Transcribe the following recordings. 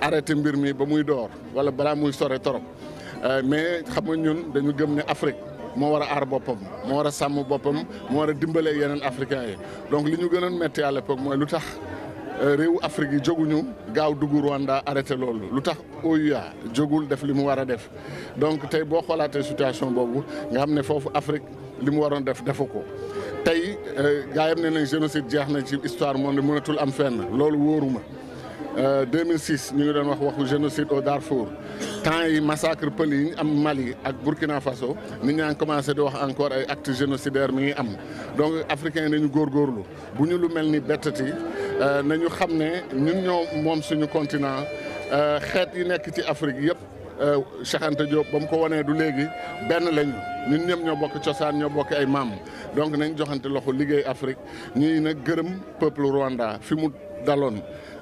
arrêté mbir mi ba muy door wala balaa muy sore torop euh, mais xam nga ñun dañu gëm ne Afrique moo war a aar boppam moo war a sàmm boppam moo war a dimbalee yeneen africains yi donc li ñu gënoon métti à l'époque mooy lu tax euh, réew Afrique yi jóguñu gaaw dugg Rwanda arrêté loolu lu tax OUA jógul def li mu war a def donc tey boo xoolaatee situation boobu nga xam ne foofu Afrique li mu waroon def defu ko. tey euh, gaayam ne nañ génocide jeex na ci histoire monde mënatul am fenn loolu wóoruma 2006 nous avons doon wax génocide au Darfour temps massacre de Mali ak Burkina Faso nit ñaa commencé di wax encore ay actes génocidaires mi ngi am donc africains nous góorgóorlu bu ñu lu mel ni bettati euh, nous xam ñun ñoo moom suñu continent euh, xeet yi nekk ci Afrique yëpp euh, Cheikh Diop ba mu ko wanee du léegi benn lañu ñun ñëpp ñoo bokk cosaan ñoo bokk ay maam donc nañ joxante loxo Afrique peuple Rwanda fi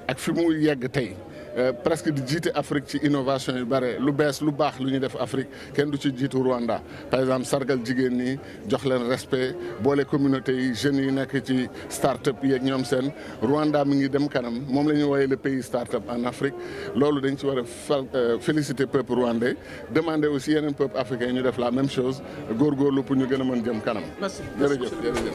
ak fi mu yegg tey euh, presque di jiite Afrique ci innovation yi bare lu bees lu baax lu ñu def Afrique kenn du ci jiitu Rwanda par exemple sargal jigéen ñi jox leen respect boole communauté yi jeunes yi nekk ci start-up ñoom seen Rwanda mi ngi dem kanam moom la ñu wooyee le pays start en Afrique loolu dañ ci war a euh, féliciter peuple rwandais demander aussi yeneen peuple africain ñu def la même chose góorgóorlu pour ñu gën a mën jëm kanam.